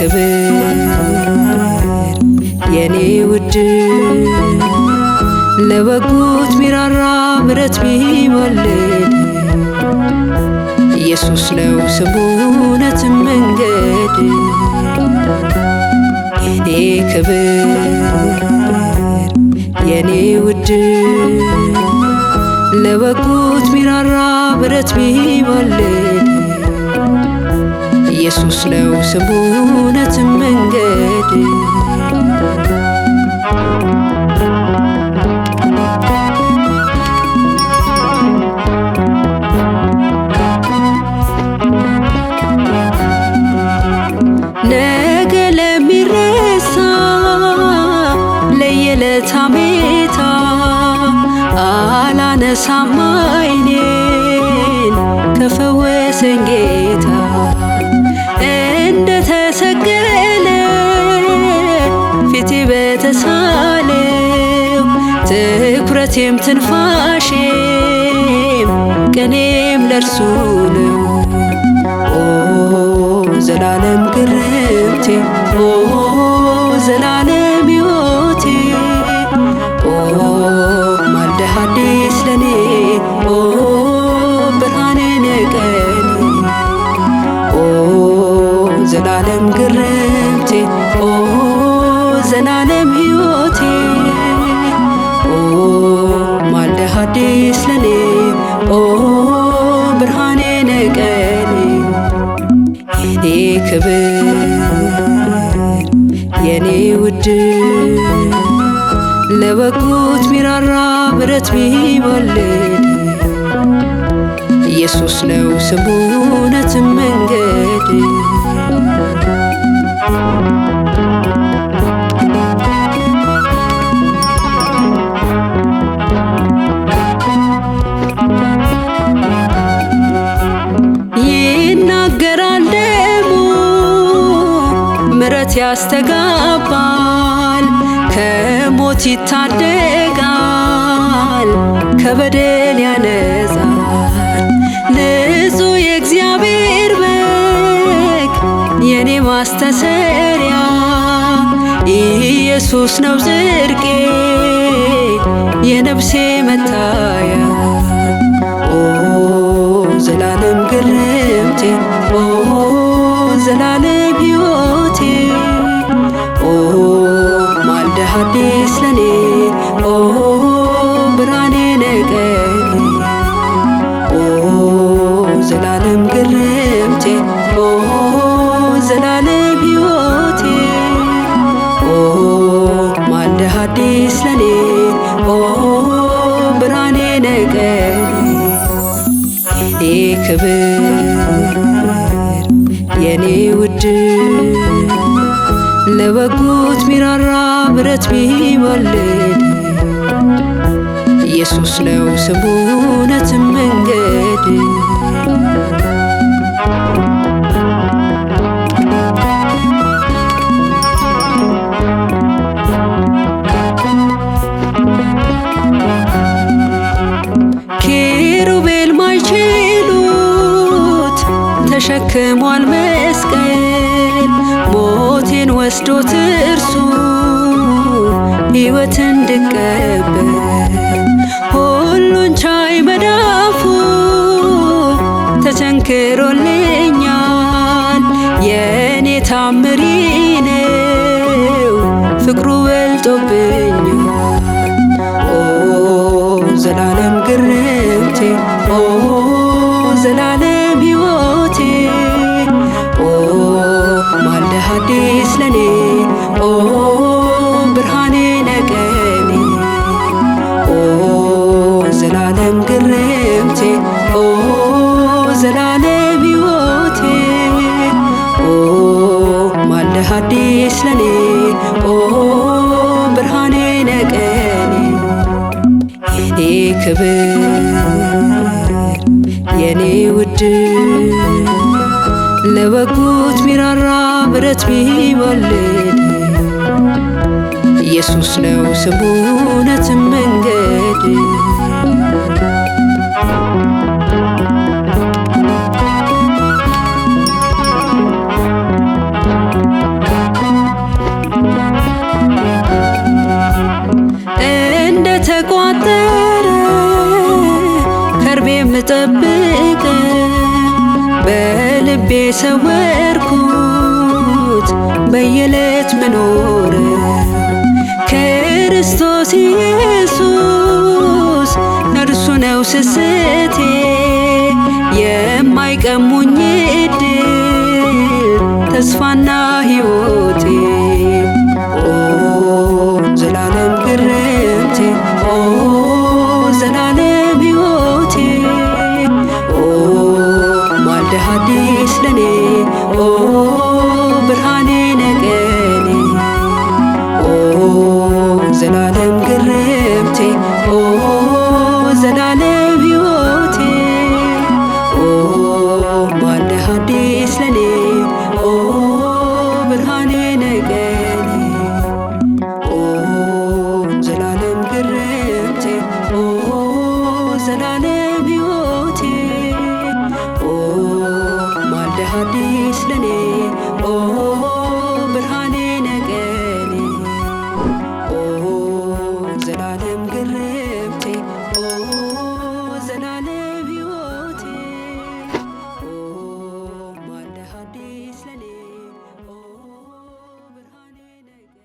Kıbrıs የኔ ውድ ለበጉት ሚራራ ምረት ቢወልድ ኢየሱስ ነው ስሙ እውነትም መንገድ የኔ ክብር የኔ ውድ ለበጉት ሚራራ ምረት ቢወልድ ኢየሱስ ነው ስሙ እውነት መንገድ ነገ ለሚረሳ ለየለታ ቤታ አላነሳም ከፈወሰኝ ትኩረቴም ትንፋሼም ቀኔም ለእርሱ ነው። ኦ ዘላለም ግርምቴ ኦ ዘላለም ሕይወቴ ኦ ማልደህ አዲስ ለኔ ኦ ብርሃኔ ነቀን ኦ ዘላለም ግርምቴ ኦ ዘላለም ሕይወቴ ሐዲስ ለኔ ኦ ብርሃኔ ነቀኔ የኔ ክብር የኔ ውድ ለበጉት ሚራራ ብረት ቢወልድ ኢየሱስ ነው ስሙ እውነትም መንገድ እውነት ያስተጋባል፣ ከሞት ይታደጋል፣ ከበደል ያነጻል። ንጹሕ የእግዚአብሔር በግ የኔ ማስተሰሪያ ኢየሱስ ነው ጽድቄ የነብሴ ነሽ ለኔ ኦ ብርሃኔ ነቀቴ ኦ ዘላለም ግርምቴ ኦ ዘላለም ሕይወቴ ኦ ማለ አዲስ ለኔ ኦ ብርሃኔ ነቀቴ የኔ ክብር የኔ ውድ ለበጉት ሚራራ ብረት ሚወልድ ኢየሱስ ነው ስሙ እውነትም መንገድ ኪሩቤል ማይችሉት ተሸክሟል መስቀል ሞቴን ወስዶት እርሱ ሕይወት እንድቀበል ሁሉን ቻይ በዳፉ ተቸንክሮልኛል። የእኔ ታምሪ ነው ፍቅሩ በልጦብኛል። ለዘላለም ሕይወቴ ኦ ማለ አዲስ ለኔ ኦ ብርሃኔ ነቀኔ የኔ ክብር የኔ ውድ ለበጉት ሚራራ ብረት ቢወልድ ኢየሱስ ነው ስሙ እውነትም መንገድ ከልቤ ሰወርኩት በየዕለት መኖር ክርስቶስ ኢየሱስ እርሱ ነው ስስቴ የማይቀሙኝ እድል ተስፋና ሕይወቴ እንደ ሐዲስ ለኔ ኦ ብርሃኔ ነቀኔ ኦ ዘላለ